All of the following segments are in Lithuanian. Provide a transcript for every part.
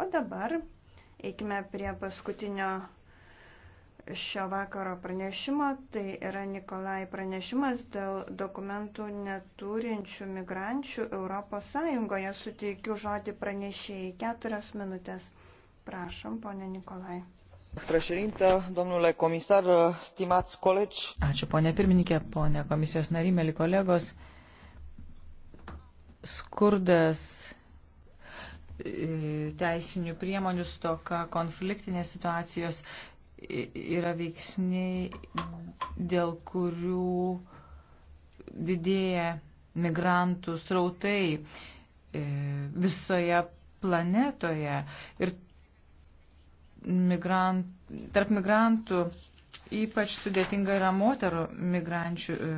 O dabar eikime prie paskutinio šio vakaro pranešimo. Tai yra Nikolai pranešimas dėl dokumentų neturinčių migrančių Europos Sąjungoje. Suteikiu žodį pranešėjai keturias minutės. Prašom, ponė Nikolai președintă domnule comisar stimați colegi ačiū pone pirmininke pone komisijos nary mieli kolegos skurdas teisinių priemonių stoka, konfliktinės situacijos yra veiksniai, dėl kurių didėja migrantų srautai e, visoje planetoje. Ir migrant, tarp migrantų Ypač sudėtinga yra moterų migrančių e,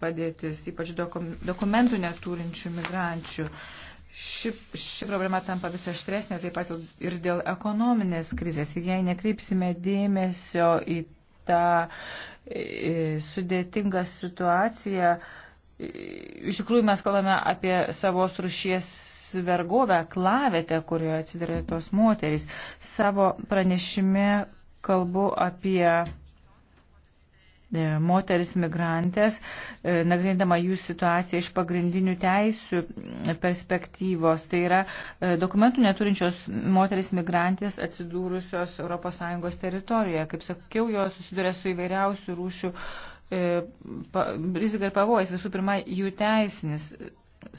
padėtis, ypač dokum, dokumentų neturinčių migrančių ši, ši problema tampa vis aštresnė taip pat ir dėl ekonominės krizės. Ir jei nekreipsime dėmesio į tą e, sudėtingą situaciją, e, iš tikrųjų mes kalbame apie savos rušies vergovę, klavetę, kurioje atsidarė tos moterys. Savo pranešime kalbu apie E, moteris migrantės, e, nagrindama jų situaciją iš pagrindinių teisių perspektyvos. Tai yra e, dokumentų neturinčios moteris migrantės atsidūrusios ES teritorijoje. Kaip sakiau, jos susiduria su įvairiausių rūšių rizika ir pavojais. Visų pirma, jų teisinis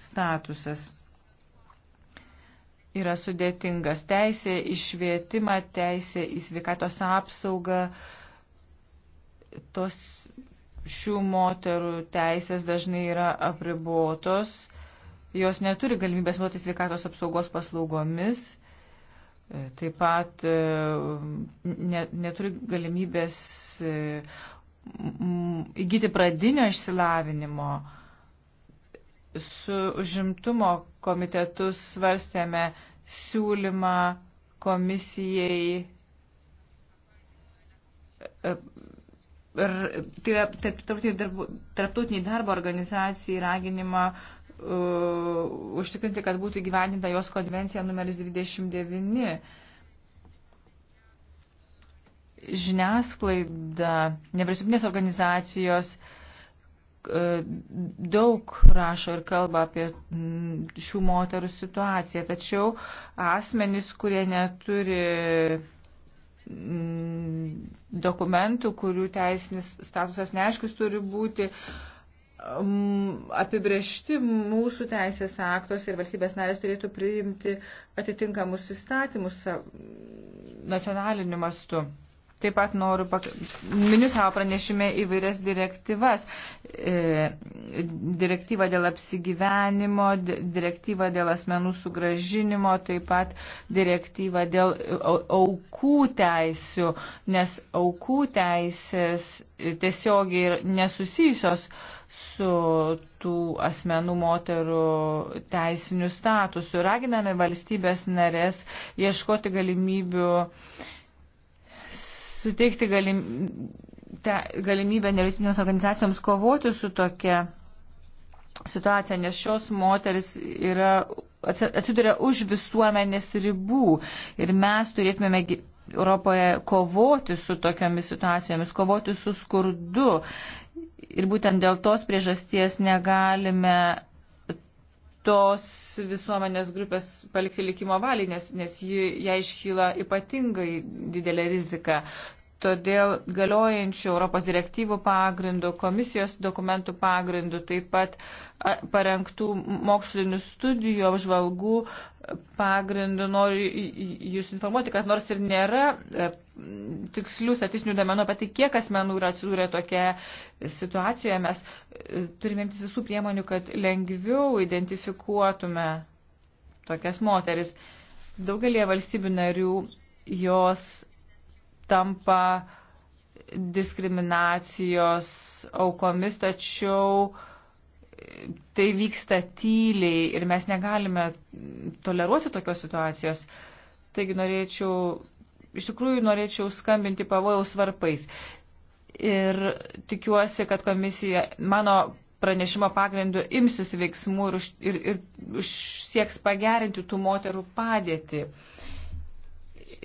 statusas yra sudėtingas. Teisė į švietimą, teisė į sveikatos apsaugą. E, tos šių moterų teisės dažnai yra apribotos, jos neturi galimybės nuoti sveikatos apsaugos paslaugomis, e, taip pat e, ne, neturi galimybės e, įgyti pradinio išsilavinimo. Su užimtumo komitetu svarstėme siūlymą komisijai Ir tai yra tarptautiniai darbo organizacijai raginimą uh, užtikrinti, kad būtų gyvendinta jos konvencija numeris 29. Žiniasklaida, nevyriausybinės organizacijos uh, daug rašo ir kalba apie mm, šių moterų situaciją, tačiau asmenys, kurie neturi Mm, dokumentų, kurių teisinis statusas neaiškus turi būti mm, apibriešti mūsų teisės aktos ir valstybės narės turėtų priimti atitinkamus įstatymus nacionaliniu mastu. Taip pat noriu, pak... miniu savo pranešime įvairias direktyvas. E, direktyva dėl apsigyvenimo, direktyva dėl asmenų sugražinimo, taip pat direktyva dėl aukų teisių, nes aukų teisės tiesiogiai nesusijusios su tų asmenų moterų teisiniu statusu. Raginame valstybės narės ieškoti galimybių suteikti galim, te, galimybę nevyriausybinėms organizacijoms kovoti su tokia situacija, nes šios moteris yra, atsiduria už visuomenės ribų ir mes turėtumėme Europoje kovoti su tokiamis situacijomis, kovoti su skurdu. Ir būtent dėl tos priežasties negalime tos visuomenės grupės palikti likimo valiai, nes, nes ji, jai iškyla ypatingai didelė rizika. Todėl galiojančių Europos direktyvų pagrindų, komisijos dokumentų pagrindų, taip pat parengtų mokslinių studijų apžvalgų pagrindų noriu jūs informuoti, kad nors ir nėra e, tikslių statistinių domenų apie tai, kiek asmenų yra atsidūrę tokia situacijoje, mes e, turime imtis visų priemonių, kad lengviau identifikuotume tokias moteris. Daugelie valstybių narių jos tampa diskriminacijos aukomis, tačiau tai vyksta tyliai ir mes negalime toleruoti tokios situacijos. Taigi norėčiau, iš tikrųjų norėčiau skambinti pavojaus varpais. Ir tikiuosi, kad komisija mano pranešimo pagrindu imsis veiksmų ir, už, ir, ir sieks pagerinti tų moterų padėtį. Uh,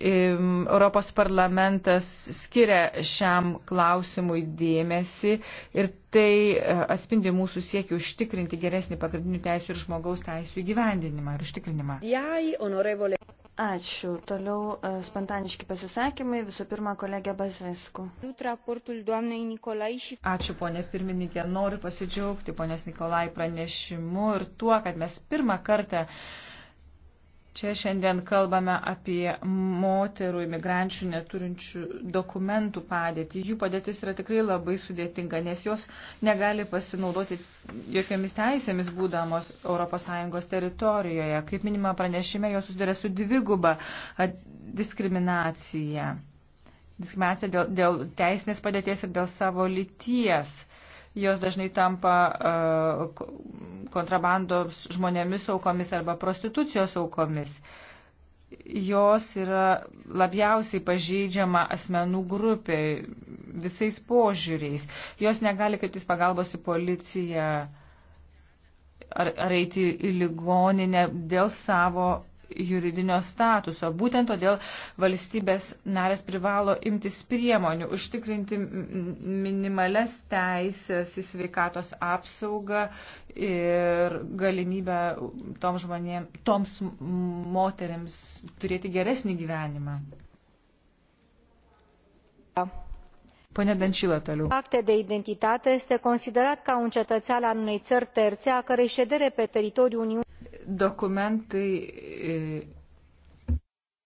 Europos parlamentas skiria šiam klausimui dėmesį ir tai e, atspindi mūsų siekį užtikrinti geresnį pagrindinių teisų ir žmogaus teisų įgyvendinimą ir užtikrinimą. Ačiū. Toliau e, spontaniški pasisakymai. Visų pirma, kolegė Bazesku. Ačiū, ponė pirmininkė. Noriu pasidžiaugti ponės Nikolai pranešimu ir tuo, kad mes pirmą kartą uh, Čia šiandien kalbame apie moterų imigrančių neturinčių dokumentų padėtį. Jų padėtis yra tikrai labai sudėtinga, nes jos negali pasinaudoti jokiamis teisėmis būdamos ES teritorijoje. Kaip minima pranešime, jos susiduria su dviguba diskriminacija. Diskriminacija dėl, dėl teisinės padėties ir dėl savo lyties jos dažnai tampa uh, kontrabandos žmonėmis aukomis arba prostitucijos aukomis. Jos yra labiausiai pažeidžiama asmenų grupė visais požiūriais. Jos negali kreiptis pagalbos į policiją ar, ar eiti į ligoninę dėl savo juridinio statuso. Būtent todėl valstybės narės privalo imtis priemonių, užtikrinti minimales teisės į sveikatos apsaugą ir galimybę tom žmonėm, toms moteriams turėti geresnį gyvenimą. Pone Dancilă toliau. Acte de identitate este considerat ca un cetățean al unei țări terțe a cărei ședere pe teritoriul Uniunii dokumentai, e,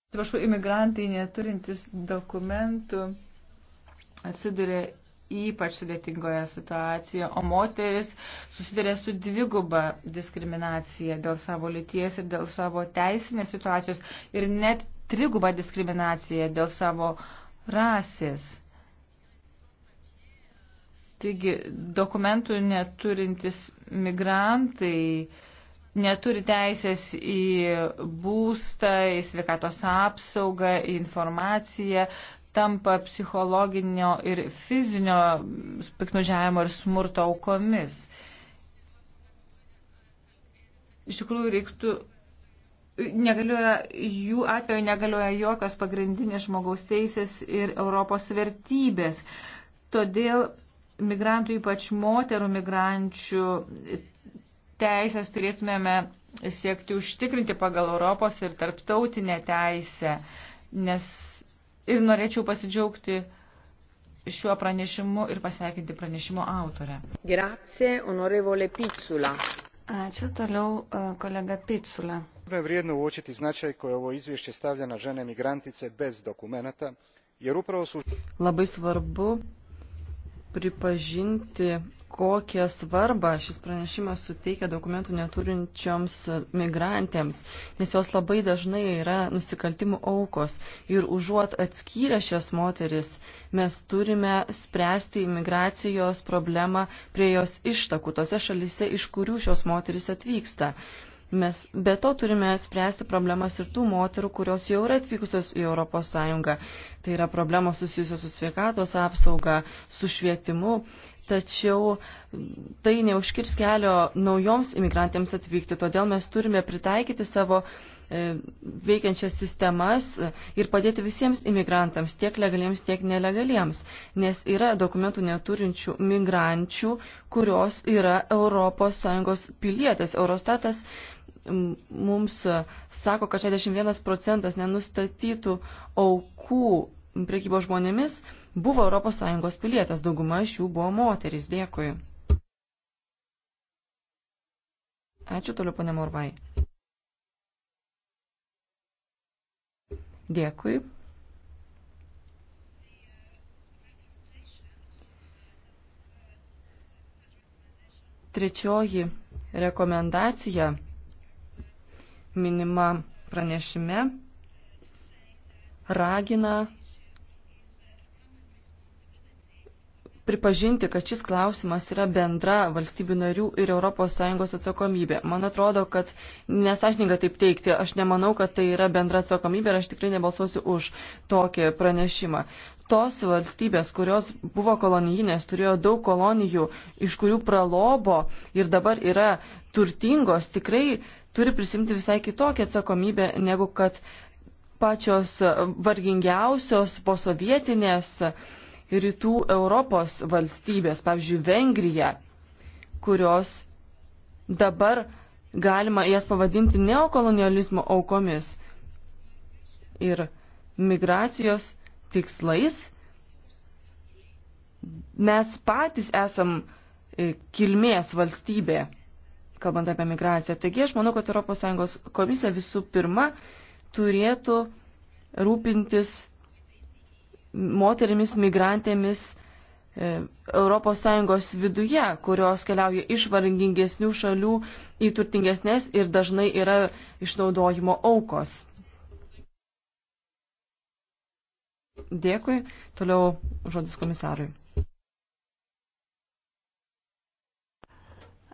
atsiprašau, imigrantai neturintis dokumentų atsiduria ypač sudėtingoje situacijoje, o moteris susiduria su dviguba diskriminacija dėl savo lyties ir dėl savo teisinės situacijos ir net triguba diskriminacija dėl savo rasės. Taigi dokumentų neturintis migrantai neturi teisės į būstą, į sveikatos apsaugą, į informaciją, tampa psichologinio ir fizinio piknužiavimo ir smurto aukomis. Iš tikrųjų, reiktų. Negalioja, jų atveju negalioja jokios pagrindinės žmogaus teisės ir Europos vertybės. Todėl migrantų, ypač moterų migrančių, teisės turėtumėme siekti užtikrinti pagal Europos ir tarptautinę teisę, nes ir norėčiau pasidžiaugti šiuo pranešimu ir pasveikinti pranešimo autorę. Grazie, onorevole Picula. Ačiū toliau e, kolega Picula. Vrlo je vrijedno uočiti značaj koje ovo izvješće stavlja na žene migrantice bez dokumenata, jer upravo su... Labai svarbu pripažinti kokią svarbą šis pranešimas suteikia dokumentų neturinčioms migrantėms, nes jos labai dažnai yra nusikaltimų aukos. Ir užuot atskyrę šias moteris, mes turime spręsti imigracijos problemą prie jos ištakų, tose šalise, iš kurių šios moteris atvyksta. Mes be to turime spręsti problemas ir tų moterų, kurios jau yra atvykusios į ES. Tai yra problemos susijusios su sveikatos apsauga, su švietimu tačiau tai neužkirs kelio naujoms imigrantėms atvykti. Todėl mes turime pritaikyti savo e, veikiančias sistemas ir padėti visiems imigrantams, tiek legaliems, tiek nelegaliems, nes yra dokumentų neturinčių migrančių, kurios yra ES pilietės. Eurostatas mums sako, kad 61 procentas nenustatytų aukų prekybos žmonėmis buvo ES pilietės, dauguma iš jų buvo moterys. Dėkui. Ačiū toliau, ponė Morvai. Dėkui. Trečioji rekomendacija minima pranešime ragina pripažinti, kad šis klausimas yra bendra valstybių narių ir ES atsakomybė. Man atrodo, kad nesažininga taip teikti. Aš nemanau, kad tai yra bendra atsakomybė ir aš tikrai nebalsuosiu už tokį pranešimą. Tos valstybės, kurios buvo kolonijinės, turėjo daug kolonijų, iš kurių pralobo ir dabar yra turtingos, tikrai turi prisimti visai kitokią atsakomybę negu kad pačios vargingiausios posovietinės uh, rytų Europos valstybės, pavyzdžiui, Vengrija, kurios dabar galima jas pavadinti neokolonializmo aukomis. Ir migracijos tikslais mes patys esam e, kilmės valstybė, kalbant apie migraciją. Taigi aš manau, kad ES komisija visų pirma turėtų rūpintis moterimis migrantėmis ES viduje, kurios keliauja iš vargingesnių šalių į turtingesnės ir dažnai yra išnaudojimo aukos. Dėkui. Toliau žodis komisarui.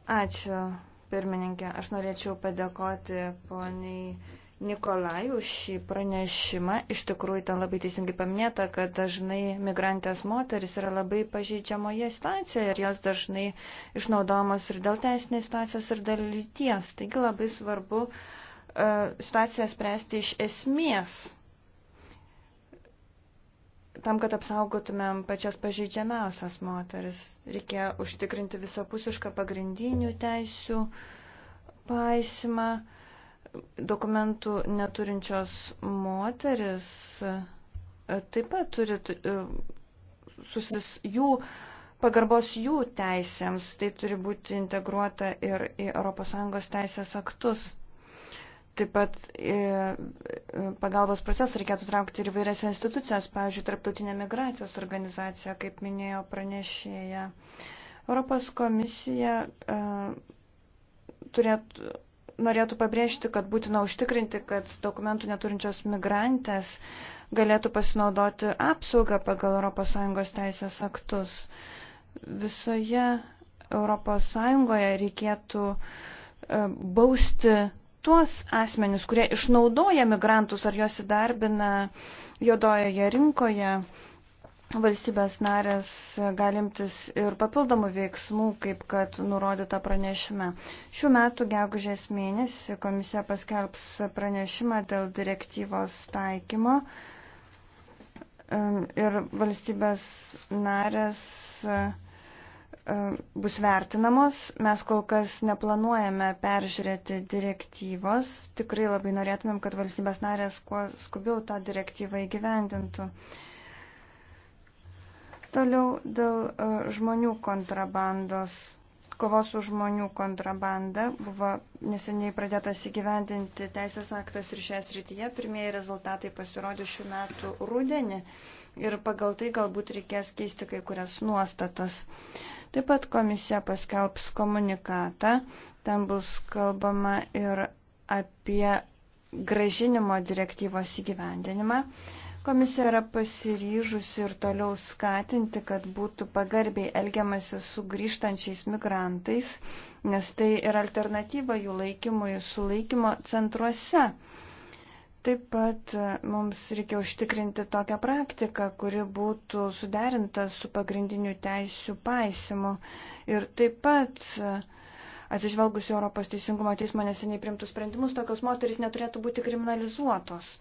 Ačiū, pirmininkė. Aš norėčiau padėkoti poniai Nikolai už šį pranešimą. Iš tikrųjų, ten labai teisingai paminėta, kad dažnai migrantės moteris yra labai pažeidžiamoje situacijoje ir jos dažnai išnaudojamos ir dėl teisinės situacijos, ir dėl lyties. Taigi labai svarbu uh, situaciją spręsti iš esmės, tam, kad apsaugotumėm pačias pažeidžiamiausias moteris. Reikia užtikrinti visapusišką pagrindinių teisių paisimą. Uh, dokumentų neturinčios moteris e, taip pat turi e, susidis jų pagarbos jų teisėms. Tai turi būti integruota ir į ES teisės aktus. Taip pat e, pagalbos procesą reikėtų traukti ir vairias institucijas, pavyzdžiui, Tarptautinė migracijos organizacija, kaip minėjo pranešėja. Europos komisija turėtų norėtų pabrėžti, kad būtina užtikrinti, kad dokumentų neturinčios migrantės galėtų pasinaudoti apsaugą pagal ES teisės aktus. Visoje ES reikėtų e, bausti tuos asmenis, kurie išnaudoja migrantus ar juos įdarbina juodojoje rinkoje valstybės narės galimtis ir papildomų veiksmų, kaip kad nurodyta pranešime. Šių metų gegužės mėnesį komisija paskelbs pranešimą dėl direktyvos taikymo um, ir valstybės narės um, bus vertinamos. Mes kol kas neplanuojame peržiūrėti direktyvos. Tikrai labai norėtumėm, kad valstybės narės kuo skubiau tą direktyvą įgyvendintų. Toliau dėl e, žmonių kontrabandos. Kovos už žmonių kontrabandą buvo neseniai pradėtas įgyvendinti teisės aktas ir šią srityje. Pirmieji rezultatai pasirodė šių metų rudenį ir pagal tai galbūt reikės keisti kai kurias nuostatas. Taip pat komisija paskelbs komunikatą, ten bus kalbama ir apie gražinimo direktyvos įgyvendinimą. Komisija yra pasiryžusi ir toliau skatinti, kad būtų pagarbiai elgiamasi su grįžtančiais migrantais, nes tai yra alternatyva jų laikymui sulaikymo centruose. Taip pat e, mums reikia užtikrinti tokią praktiką, kuri būtų suderinta su pagrindiniu teisų paisimu. Ir taip pat, e, atsižvelgus Europos teisingumo teismo neseniai primtus sprendimus, tokios moteris neturėtų būti kriminalizuotos.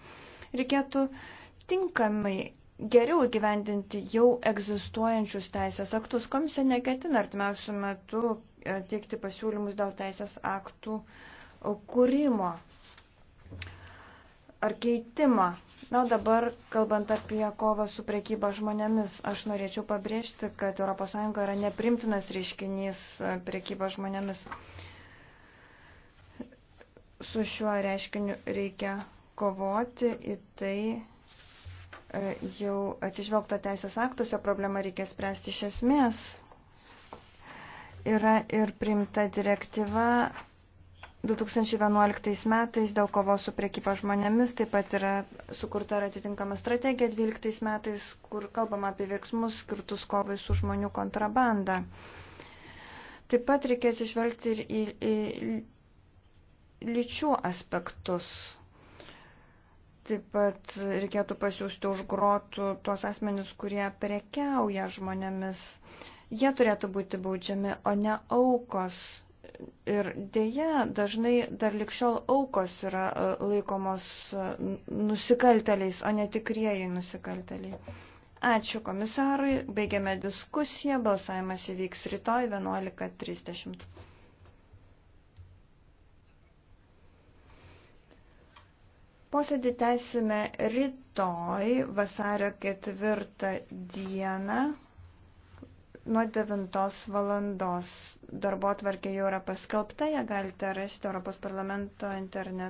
Reikėtų uh, tinkamai geriau įgyvendinti jau egzistuojančius teisės aktus. Komisija neketina artimiausių metų e, teikti pasiūlymus dėl teisės aktų kūrimo ar keitimą. Na, dabar, kalbant apie kovą su priekyba žmonėmis, aš norėčiau pabrėžti, kad ES yra neprimtinas reiškinys e, priekyba žmonėmis. Su šiuo reiškiniu reikia kovoti, į tai jau atsižvelgta teisės aktuose problemą reikės spręsti iš esmės. Yra ir primta direktyva 2011 metais dėl kovos su priekyba žmonėmis, taip pat yra sukurta ir atitinkama strategija 12 metais, kur kalbama apie veiksmus skirtus kovai su žmonių kontrabanda. Taip pat reikės išvelgti ir į, į lyčių aspektus Taip pat reikėtų pasiūsti už grotų tuos asmenis, kurie prekiauja žmonėmis. Jie turėtų būti baudžiami, o ne aukos. Ir dėja, dažnai dar likščiol aukos yra e, laikomos e, nusikalteliais, o ne tikrieji nusikalteliai. Ačiū komisarui, baigiame diskusiją, balsavimas įvyks rytoj 11.30. Posėdį tęsime rytoj, vasario ketvirtą dieną, nuo 9 valandos. Darbo tvarkė jau yra paskelbta, ją galite rasti Europos parlamento internetu.